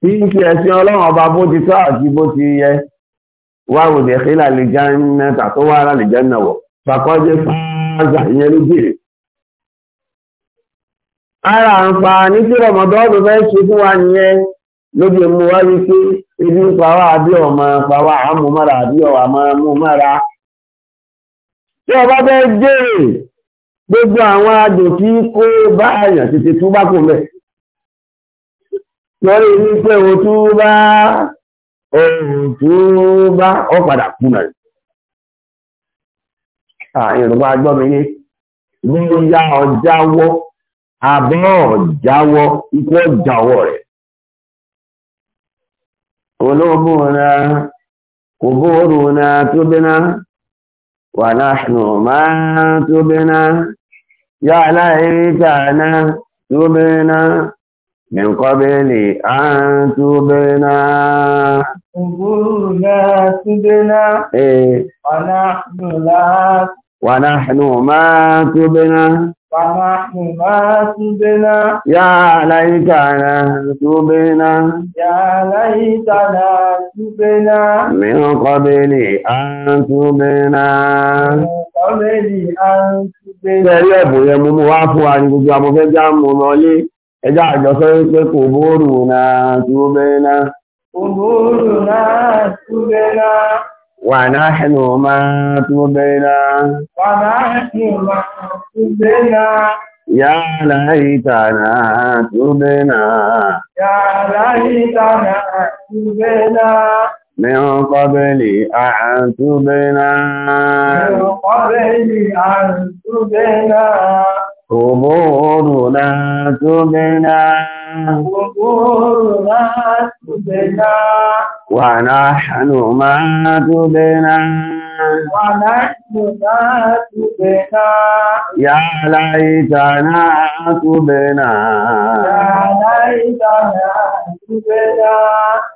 tí ń ṣe ẹ̀sìn ọlọ́run ọba bó ti tọ́ àti bó ti yẹ wà wùdí ẹ̀kílà lè já nẹ́ta tó wà rà lè já nàwọ̀ fàkọ́jẹ́ fàáza ìyẹn ló jèrè. ara àǹfààní tí rọmọdọ́ọ̀dù fẹ́ ṣe fún wa nìyẹn lóbi mu wá rí pé ebi ń pa wá àbí ọmọ pa wá àmú mára àbí ọwà máa mú mára. tí ọba bẹ jèrè gbogbo àwọn adùn tí kó bá àyàn tètè tú bá kò mẹ. wọ́n ní pé o tú bá o tú bá ọ padà kú náà. Yorùbá gbọ́ mi ní bóyá ọjàwọ́ àbọ̀ ọjàwọ́ ikú ọjàwọ́ rẹ̀. قلوبنا قبورنا تبنا ونحن ما تبنا يا ليتنا تبنا من قبل أن تبنا قبورنا تبنا إيه ونحن لا ونحن ما تبنا فنحن ما تبنا يا ليتنا تبنا يا ليتنا تبنا من قبل أن تبنا Ẹ̀rí ẹ̀bùn yẹn mú mú wá fún wa ní gbogbo àmọ́fẹ́ já mú lọlé, ẹjá àjọsọ wípé kò bóòrùn náà túbẹ́ náà. Kò bóòrùn náà túbẹ́ náà. ونحن ما تبنا ونحن ما تبنا يا ليتنا تبنا يا ليتنا تبنا من قبل أن تبنا من قبل أن تبنا قبورنا تبنا قبورنا تبنا ونحن ما تبنا ونحن ما تبنا يا ليتنا تبنا يا ليتنا تبنا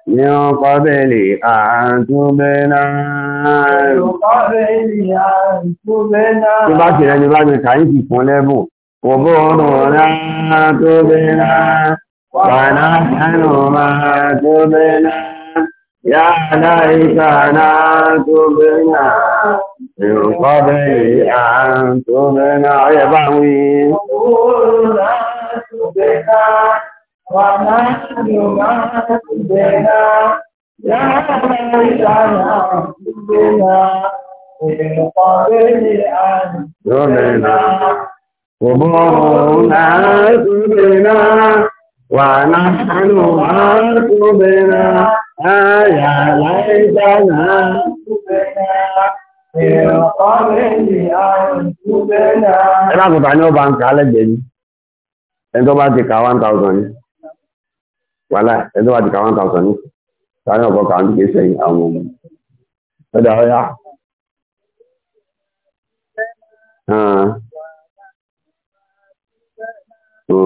من قبل أن تبنا من قبل أن تبنا tó bá ti rẹni bá ní kàyíkì fún lẹ́bùn وبرنا تبنا ونحن ما تبنا يا ليتنا تبنا من قبل أن تبنا يا بوي وما تبنا يا ليتنا تبنا من قبل أن تبنا قبورنا تبنا ونحن عاقبنا يا ليتنا Ẹ bá kùtà ní ọba ń kà á lẹ́gbẹ̀ẹ́ ní. Ẹni tó bá ti kà 1,000 ní. Wàlá ẹni tó bá ti kà 1,000 ní. Sáré ọ̀pọ̀ kà ń ké sẹ́yìn àwọn ọmọ. Ẹ̀dà ọ̀yá.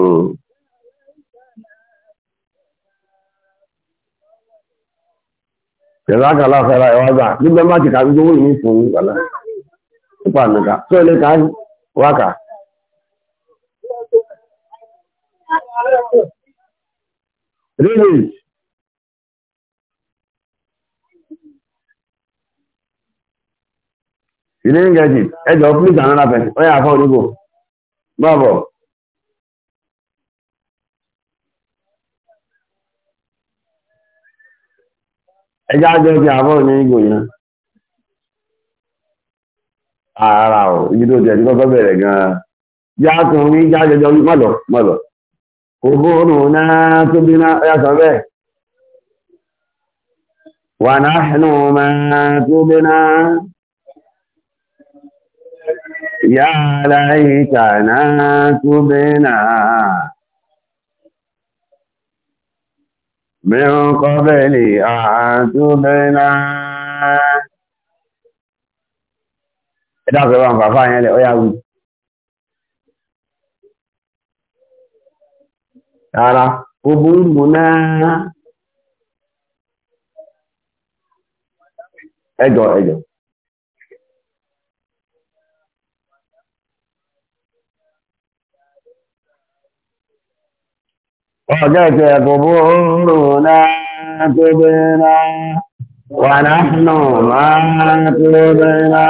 Hmm. Jazakallah khairan ẹ̀wà gbà gbígbẹ́ má ti kàrí gbówó ìní fún ìgbàlá. Nípa nìka, tó ilé ká wákà. ń gẹ̀ẹ́jì, ẹjọ́ fún náà yà fọ́ onígbò. Bọ́ọ̀bọ̀. ẹjá jẹ́ ti àbọ̀ ní ìgò yẹn ara ah, ọ̀ ibi tó tẹ̀sí kọ́kọ́ bẹ̀rẹ̀ gan-an já tún ní já jẹjọ mọ̀lọ̀ mọ̀lọ̀ òfóònù náà tó bí náà ọ̀yà sọ bẹ́ẹ̀ wà náà hẹnu máa tó bí náà yàrá náà tó bí náà. من قبل أن تبلى ẹ̀dá ọ̀sọ̀rọ̀ àwọn bàbá yẹn lẹ̀ ọ̀yá wí. rárá gbogbo ìmú náà ẹjọ́ ẹjọ́ وتتكبرون كبرا ونحن ما كبرا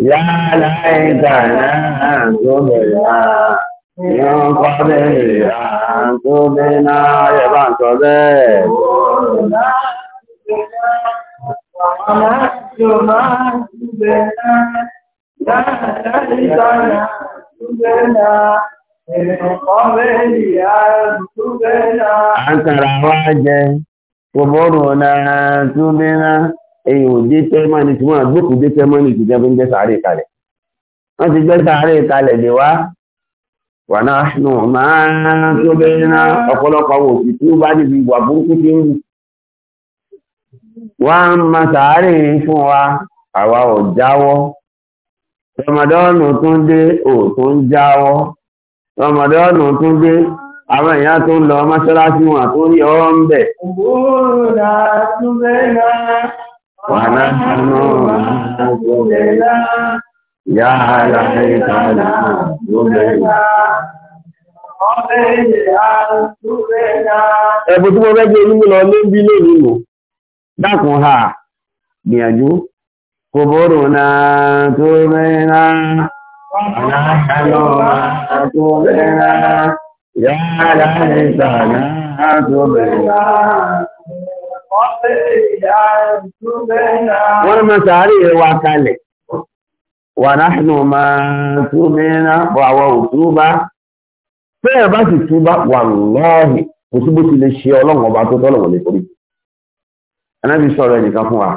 يا ليتنا كبرا من قبل أن تبنا يا بنت ونحن ما كبرا يا ليتنا كبرا Àǹkàrà wa jẹ, kòbọ́rò náà tún bí náà, èyí ò dé tẹ́mọ́ni tí wọ́n gbókù dé tẹ́mọ́ni tí jẹ́ bí ń jẹ́ sàárè kalẹ̀. Wọ́n ti jẹ́ sàárè kalẹ̀ lè wá, wà náà nù máa tún bí ọ̀pọ̀lọpọ̀ wò sí tí ó bá dìbì ìwà burúkú tí ń wù. Wọ́n ma sàárè fún wa, àwa ò jáwọ́. Tọmọdọ́nù tún dé, ò jáwọ́. Ramadan tún gbé àwọn èèyàn tó ń lọ mọ́ṣáláṣí wọn tó rí ọwọ́ ń bẹ̀. Ẹ̀bùn tí mo rẹ́gbẹ̀ onímú lọ ló ń bí lè nínú. Dákùn ha, gbìyànjú, kò bọ́rùn náà tó mẹ́rin náà. ونحن أقبلنا يا ليتنا تبنا wọ́n mọ̀ sàárì wa kalẹ̀ wà náà máa túnmínà bọ̀ àwọn òtúbá fẹ́ẹ̀ bá sì túbá wà lọ́ọ̀hì kò túbó ti lè ṣe ọlọ́run ọba tó tọ́lọ̀wọ̀ lè torí ẹnẹ́bí sọ̀rọ̀ ẹnìkan fún wa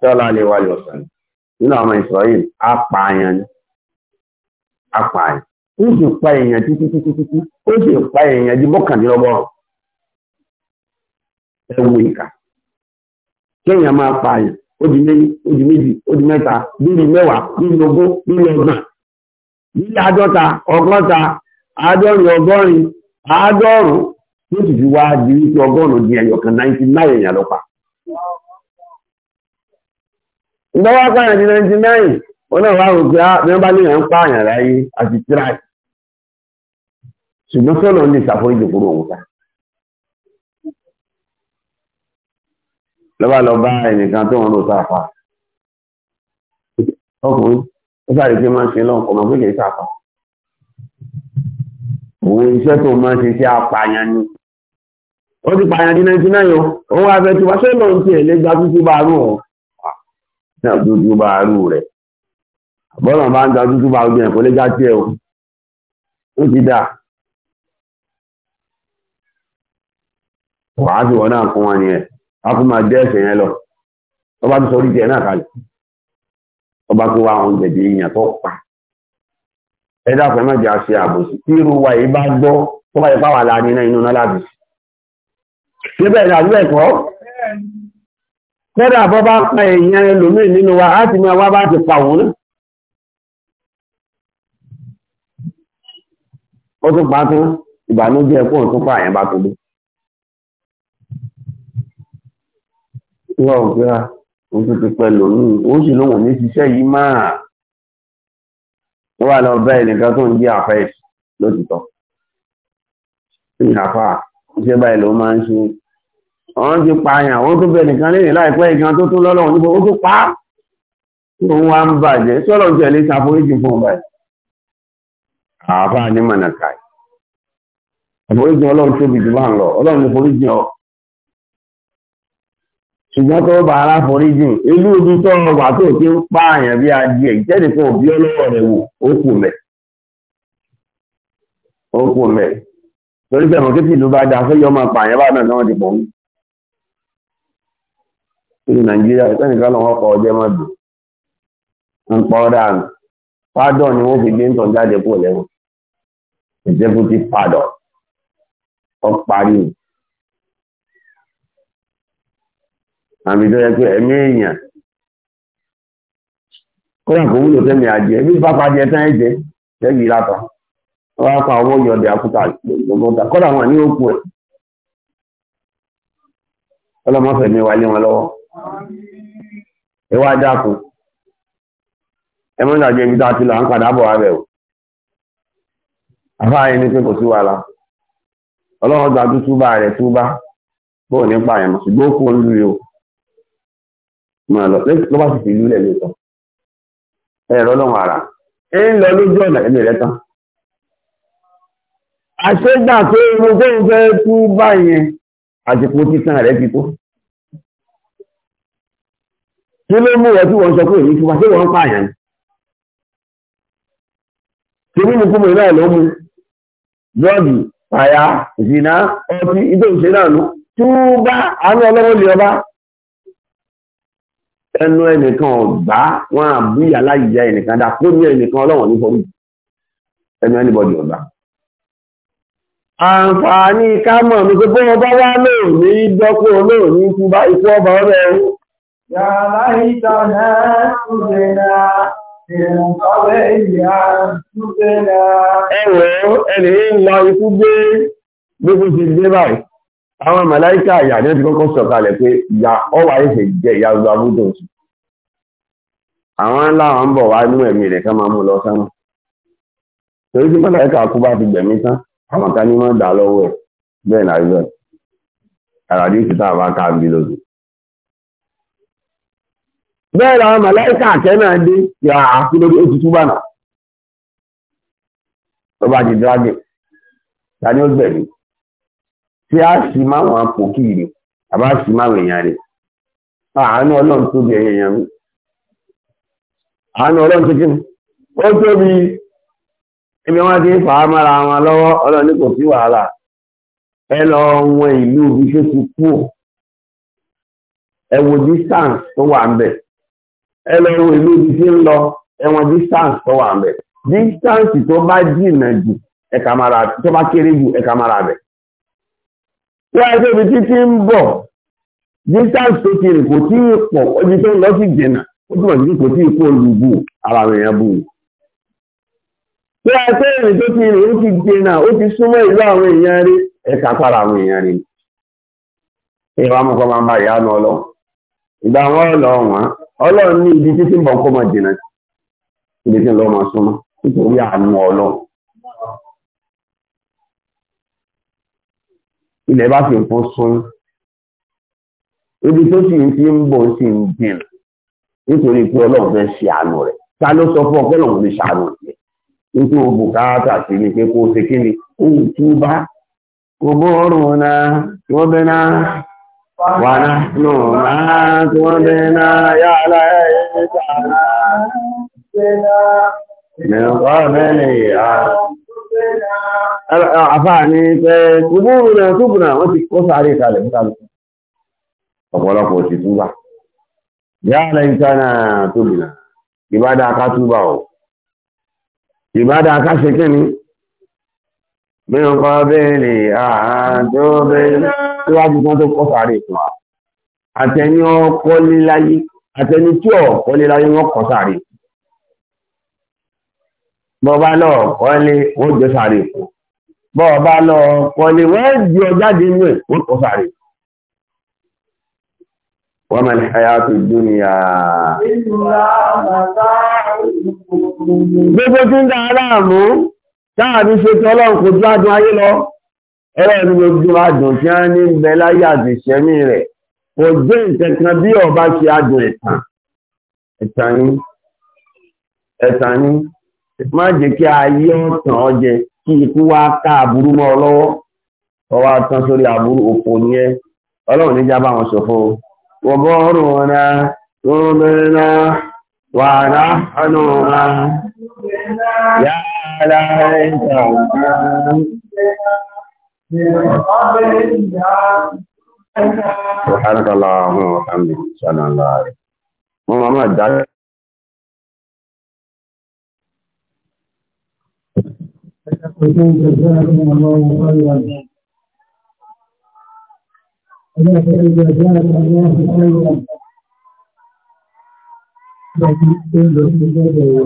tọ́lá lè wà lọ́sàn apààyàn ó sì pa èèyàn títí títí títí ó sì pa èèyàn di mọ́kàndínlọ́gọ́rùn ẹ̀wù ìkà kéèyàn máa pààyàn ó ó di méjì ó di mẹ́ta bíi mẹ́wàá bíi ogún bíi ọgbọ̀n bíi àádọ́ta ọgọ́ta àádọ́rin ọgọ́rin àádọ́rùn tó sì fi wá di wípé ọgọ́rùn di ẹ̀yọ̀ kan èèyàn lọ́pàá. ìgbọ́wọ́ di ọlọ́wà ògbà ah, mẹ́bá níyàn ń pààyàn láyé àti tíráì ṣùgbọ́n sọ́nà ní ìsàfún ìdìkúrò òun ta lọ́wọ́ lọ bá ẹnìkan tó ń lò sáfà ọkùnrin ó sáré pé máa ń ṣe lọ́nkọ̀ máa gbégbé sáfà òun iṣẹ́ tó máa ń ṣe sí apààyàn ni ó ti pààyàn di 99 ó wá fẹ́ tí wá ṣé lọ́n tiẹ̀ lé gba tútú bá rú ọ̀ náà tútú bá rú rẹ̀ bọ́lọ̀ bá ń da dúdú bá ojú ẹ̀kọ́ lé jáde ẹ̀ o ó ti dà wàá sì wọ́n náà fún wọn nìyẹn a kún máa jẹ́ ẹ̀sẹ̀ yẹn lọ ọba tó sọrí jẹ náà kalẹ̀ ọba tó wá àwọn jẹ̀dẹ̀ èèyàn tó pa ẹ dákun má jẹ́ àṣẹ àbòsí tí irú wa yìí bá gbọ́ tó bá yẹ fáwọn àlàní náà inú náà lábì síbẹ̀ ní àdúrà ẹ̀kọ́ kódà bọ́ bá pa èèyàn ẹlòmíì nínú wa á ti máa wá bá ti pa òun náà ó tún pa tún ìbànújẹ́ ẹkún ọ̀tún pa àyàn bá tó dé. ìwà ọ̀gá oṣù ti pẹ́ lòmíì ó sì lóun ní ṣiṣẹ́ yìí máa wà lọ bá ẹnìkan tó ń jẹ́ àfẹ́ lótìtọ́ ìyàfà iṣẹ́ báyìí ló máa ń ṣe wọ́n ti pa àyàn ó tó bẹ̀ nìkan lẹ́yìn láìpẹ́ ìkan tó tún lọ́lọ́run níbo ó tó pa á òun wa ń bàjẹ́ sọ́lọ́ ń tẹ̀lé ṣàforíjì fún ọba yìí àbá ní mọ̀nàkà àforíjìn ọlọ́run tóbi jù bá ń lọ ọlọ́run foríjìn ọ ṣùgbọ́n tó bá ara foríjìn ìlú ibi tó ń wà tó ti ń pa àyàn bí adìẹ ìjẹ́ni kan òbí ọlọ́wọ́ rẹ̀ wò ó kù mẹ́ ó kù mẹ́ torí pé àwọn kékeré ìlú bá da fẹ́ yọ pa àyàn bá náà náà ti pọ̀ ń ní nàìjíríà ìtẹ́nìkan lọ́wọ́ ọkọ̀ ọjọ́ mọ́ dùn ń pọ́ dáa pardon ni wọ́n fi gbé ń tàn jáde kúrò lẹ́wọ̀n executive pardon wọ́n parí o àmì tó yẹ pé ẹ̀mí èèyàn kódà kò wúlò tẹ́mi àjẹ ẹbí pápá jẹ tán ẹ̀jẹ̀ lẹ́yìn ìlàtọ̀ wọ́n á pa owó yọ̀dẹ̀ àkútà gbogbo kódà wọn ní òkú ẹ̀ ọlọ́mọ fẹ̀mí wa lé wọn lọ́wọ́ ẹ wá dákun. ẹmọ́ ìdàjẹ́ ibi tó àti lọ padà bọ̀ rẹ̀ o àfáà ní pé kò sí wàhálà ọlọ́run gba rẹ̀ túbá bóò nípa ẹ̀mọ̀ ṣùgbọ́n ó kú olú yóò máa lọ ló bá sì fi ìlú ẹ̀rọ ọlọ́run ara ẹ ń lọ lójú ọ̀nà ẹ̀mí rẹ̀ tán pé mo fẹ́ yẹn títàn torí mú kúmọ̀ náà ló mú bọ́ọ̀dù àyà ìsìnà ọtí ìdó ìṣe náà ló túbá àánú ọlọ́wọ́ lè ọba ẹnu ẹnìkan ọ̀gbá wọn àbúyà láyìíyá ẹnìkan dá ní ẹnìkan ọlọ́wọ̀n ní fọ́rí ẹnu ẹnìbọ̀dì ọ̀gbá àǹfààní kámọ̀ ní pé bọ́ ọba wá lóò ní dọ́kọ̀ lóò ní ikú ọba ọ̀rẹ́ ẹ̀rú yàrá ìtàn náà Ẹ̀wẹ̀ ẹni ńlá ikú gbé gbogbo ti dé báyìí. Àwọn màláíkà ìyà ní ti kọ́kọ́ sọ̀kalẹ̀ pé ìyà ọwà ìṣẹ̀ jẹ ìyà ọgbà búdó sí. Àwọn ńlá wọn bọ̀ wá nú ẹ̀mí rẹ̀ ká máa mú lọ sánà. Torí tí màláíkà kú bá ti gbẹ̀mí tán, àwọn kan ní máa dà lọ́wọ́ ẹ̀ bẹ́ẹ̀ náà rí bẹ́ẹ̀. Àràdí ìsìtà ká bí lóde. bẹ́ẹ̀ làwọn mọ̀lẹ́kà àkẹ́ náà dé yà àfi lórí oṣù túbà náà tó bá di dragon tí a sì máa wọn kí àbá sì máa wọn rè àánú ọlọ́run tó di yẹn àánú ọlọ́run tó kíni ó tóbi ẹbí wọn ti fà á mára wọn lọ́wọ́ ọlọ́run ní kò sí ẹlẹ́wọ̀n ìlú ibi tí ń lọ ẹ̀wọ̀n distance tó wà bẹ̀. distance tó bá jìnnà jù tó bá kéré jù ẹ̀ka mara bẹ̀. títí ń bọ̀ distance tó kiri kò tí ì pọ̀ ibi tó ń lọ sí jìnnà ó túmọ̀ sí kò tí ì pọ̀ olùbù ara rẹ̀ yẹn bù. kiri ó ti jìnnà ó ti súnmọ́ ìlú àwọn èèyàn rí ẹ̀ka para ọlọ́run ní ibi títí ń bọ̀ kó máa jìnà ibi tí ń lọ máa súnmọ́ nítorí àánú ọlọ́run ilẹ̀ bá fi nǹkan sún ibi tó sì ń fi ń bọ̀ sí ń jìnà nítorí pé ọlọ́run fẹ́ ṣe àánú rẹ̀ ta ló sọ fún ọpẹ́ lòun lè ṣàánú rẹ̀ nítorí o bùkátà sí ni pé kó o ṣe kí ni ó tú bá kò bọ́ ọrùn náà wọ́n bẹ́ náà. ونحن ما كنا يعلمنا من قبل àfáàní pé kúbúrúnà túbùnà wọ́n ti kó sáré kalẹ̀ mítàlùkù ọ̀pọ̀lọpọ̀ ti túbà yáàlẹ̀ ìtànà tóbìnà ìbádá aká túbà ọ̀ ìbádá aká ṣe kí ni mẹ́rin kọ́ bẹ́ẹ̀ lè àádọ́ bẹ́ẹ̀ síwájú kan tó kọ́ sáré fún wa àtẹni ọkọ léláyé àtẹni tí ọkọ léláyé wọn kọ́ sáré bọba lọ kọ́lé wọn jẹ sáré fún bọba lọ kọ́lé wọn jẹ ọjáde inú ẹ wọn kọ́ sáré wọn máa ní hayatu dunya. gbogbo tí ń dára mú táàbí ṣe tọ́lọ́ kò ju lọ ẹ̀rọ gbogbo adùn tí a ní bẹ láyé àti ìṣẹ́mí rẹ̀ kò jẹ́ nǹkan kan bí ọba ṣe adùn ẹ̀tàn ẹ̀tàn ní ẹ̀tàn ní má jẹ́ kí ayé ọ̀tàn ọjẹ kí ikú wá ká aburú mọ́ ọ lọ́wọ́ ọwọ́ tán sórí aburú òfò ní ẹ ọlọ́run níjà bá wọn ṣòfò wọ́n bọ́ ọ̀rùn wọn náà tó bẹ̀rẹ̀ náà wà náà ọ̀nà wọn náà yára سبحانك اللهم وبحمدك ان الله خيرا جزاكم الله